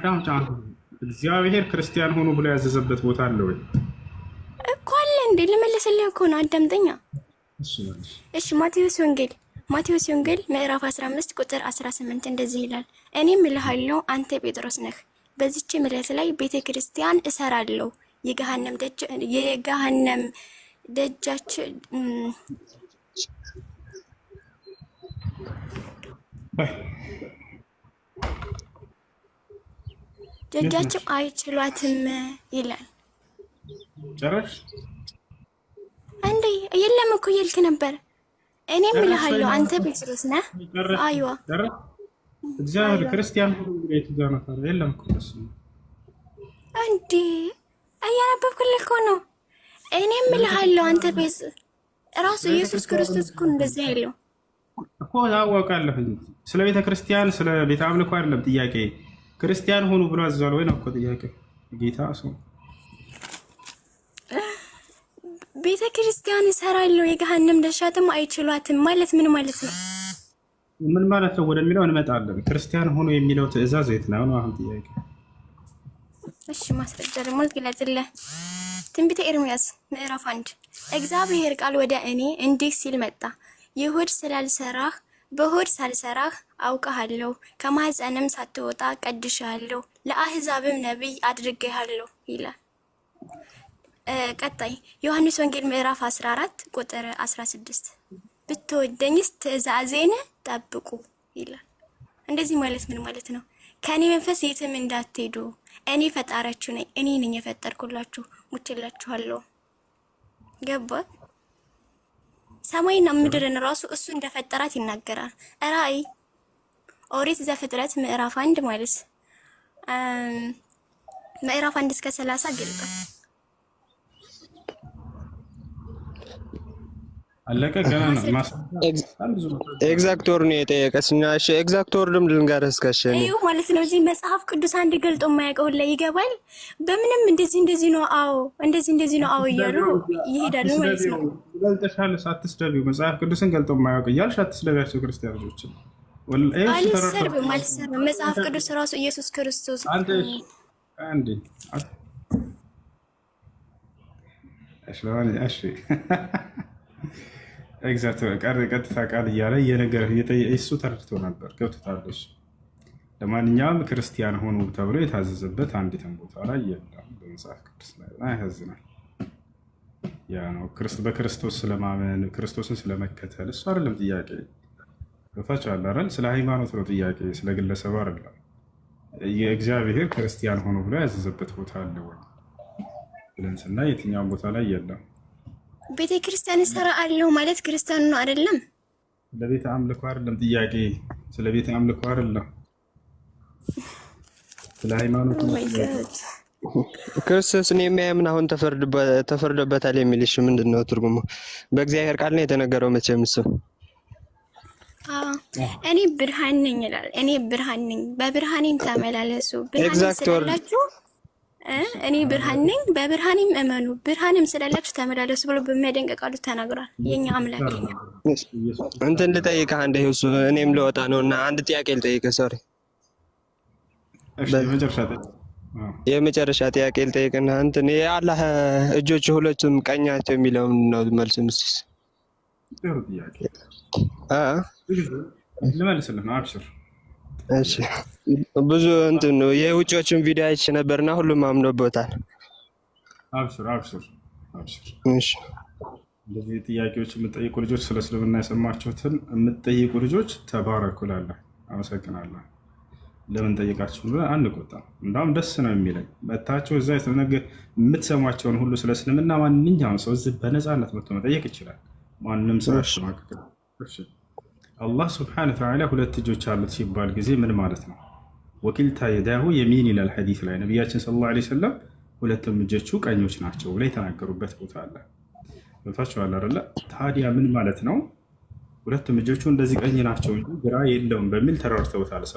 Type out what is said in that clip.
አዳም ጫን እግዚአብሔር ክርስቲያን ሆኖ ብሎ ያዘዘበት ቦታ አለ ወይ እኮ አለ እንዴ? ልመለስልህ እኮ ነው። አዳምጠኛ። እሺ ማቴዎስ ወንጌል ማቴዎስ ወንጌል ምዕራፍ 15 ቁጥር 18 እንደዚህ ይላል፣ እኔም እልሃለሁ አንተ ጴጥሮስ ነህ፣ በዚች ምለት ላይ ቤተ ክርስቲያን እሰራለሁ፣ የገሃነም ደጅ የገሃነም ደጃች ደጃቸው አይችሏትም ይላል ጨረሽ እንዴ? የለም እኮ እያልክ ነበር። እኔም እልሃለሁ አንተ ጴጥሮስ ነህ። አይዋ እግዚአብሔር ክርስቲያን ሁሉ ቤት ዘመታ የለም እኮ እሱ እንዴ፣ እያነበብኩልህ እኮ ነው። እኔም እልሃለሁ አንተ ጴጥ ራሱ ኢየሱስ ክርስቶስ እኮ እንደዚህ ያለው እኮ ታወቃለህ። ስለ ቤተ ክርስቲያን ስለ ቤተ አምልኮ አይደለም ጥያቄ ክርስቲያን ሆኑ ብሎ አዟል ወይ ነው እኮ ጥያቄው። ጌታ ሰው ቤተ ክርስቲያን እሰራለሁ የገሃንም ደሻትም አይችሏትም ማለት ምን ማለት ነው? ምን ማለት ነው ወደሚለው እንመጣለን። ክርስቲያን ሆኖ የሚለው ትዕዛዝ የት ነው ነው አሁን ጥያቄ። እሺ ማስረጃ ደግሞ ልግለጽልህ። ትንቢተ ኤርምያስ ምዕራፍ አንድ እግዚአብሔር ቃል ወደ እኔ እንዲህ ሲል መጣ፣ የሆድ ስላልሰራህ በሆድ ሳልሰራህ አውቀሃለሁ፣ ከማህፀንም ሳትወጣ ቀድሻለሁ፣ ለአህዛብም ነቢይ አድርጌሃለሁ ይላል። ቀጣይ ዮሐንስ ወንጌል ምዕራፍ 14 ቁጥር 16 ብትወደኝስ ትእዛዜን ጠብቁ ይላል። እንደዚህ ማለት ምን ማለት ነው? ከእኔ መንፈስ የትም እንዳትሄዱ እኔ ፈጣሪያችሁ ነኝ፣ እኔ ነኝ የፈጠርኩላችሁ፣ ሙችላችኋለሁ። ገባ? ሰማይና ምድርን ራሱ እሱ እንደፈጠራት ይናገራል ራእይ ኦሪት ዘፍጥረት ምዕራፍ አንድ ማለት ምዕራፍ አንድ እስከ ሰላሳ ገልጠ አለቀ። ገና ነው። ኤግዛክት ወር ነው የጠየቀስኛ። እሺ ኤግዛክት ወርድም ልንገርህ እስከ እሺ እዩ ማለት ነው። እዚህ መጽሐፍ ቅዱስ አንድ ገልጦ የማያውቀውን ላይ ይገባል። በምንም እንደዚህ እንደዚህ ነው አዎ፣ እንደዚህ እንደዚህ ነው አዎ እያሉ ይሄዳሉ ማለት ነው። ገልጠሻል፣ አትስደቢው። መጽሐፍ ቅዱስን ገልጦ የማያውቅ እያልሽ አትስደቢያቸው ክርስቲያኖችን አልሰርብም አልሰርብም። መጽሐፍ ቅዱስ ራሱ ኢየሱስ ክርስቶስ ኤግዛክት ቀጥታ ቃል እያለ እየነገረ እሱ ተረድቶ ነበር፣ ገብቶታል እሱ። ለማንኛውም ክርስቲያን ሆኑ ተብሎ የታዘዘበት አንዲትን ቦታ ላይ የለም በመጽሐፍ ቅዱስ ላይ። ያሳዝናል። ያ ነው በክርስቶስ ስለማመን ክርስቶስን ስለመከተል እሱ አይደለም ጥያቄ ገብታችኋል አይደል? ስለ ሃይማኖት ነው ጥያቄ፣ ስለ ግለሰብ አይደለም። የእግዚአብሔር ክርስቲያን ሆኖ ብሎ ያዘዘበት ቦታ አለ ወይ ብለን ስናይ የትኛውን ቦታ ላይ የለም። ቤተ ክርስቲያን ሰራ አለው ማለት ክርስቲያን ነው አይደለም። ለቤተ አምልኮ አይደለም ጥያቄ፣ ስለ ቤተ አምልኮ አይደለም፣ ስለ ሃይማኖት ነው። ክርስቶስን የሚያምን አሁን ተፈርዶበታል የሚልሽ ምንድን ነው ትርጉሙ? በእግዚአብሔር ቃል ነው የተነገረው መቼም እሱ እኔ ብርሃን ነኝ ይላል። እኔ ብርሃን ነኝ፣ በብርሃኔም ተመላለሱ። ብርሃን ስላላችሁ እኔ ብርሃን ነኝ፣ በብርሃኔም እመኑ፣ ብርሃንም ስላላችሁ ተመላለሱ ብሎ በሚያደንቅ ቃሉ ተናግሯል። የኛ አምላክ እንትን አንድ እኔም ልወጣ ነው እና አንድ ጥያቄ ሶሪ የመጨረሻ ጥያቄ ልጠይቅና እንትን የአላህ እጆች ሁለቱም ቀኛቸው የሚለውን ነው መልስ ምስስ ጥያቄ ብዙ እንትን ነው የውጮችን ቪዲዮ አይቼ ነበርና ሁሉም አምኖበታል። አብሽር አብሽር አብሽር። እሺ እንደዚህ ጥያቄዎች የምጠይቁ ልጆች ስለ እስልምና የሰማችሁትን የምጠይቁ ልጆች ተባረኩላለ፣ አመሰግናለሁ። ለምን ጠይቃችሁ ብለን አንቆጣም። እንዳውም ደስ ነው የሚለኝ መታችሁ እዛ የተነገ የምትሰማቸውን ሁሉ ስለ እስልምና ማንኛውም ሰው እዚህ በነፃነት መጥቶ መጠየቅ ይችላል። ማንም ሰው አላህ ስብሐነ ወተዓላ ሁለት እጆች አሉት ሲባል ጊዜ ምን ማለት ነው? ወኪልታ የዳሁ የሚን ይላል ሐዲስ ላይ ነቢያችን ሰለላሁ ዐለይሂ ወሰለም ሁለቱም እጆቹ ቀኞች ናቸው ብለው የተናገሩበት ቦታ አለ። ገብታችኋል አይደለ? ታዲያ ምን ማለት ነው? ሁለቱም እጆቹ እንደዚህ ቀኝ ናቸው እንጂ ግራ የለውም በሚል ተረድተውታል።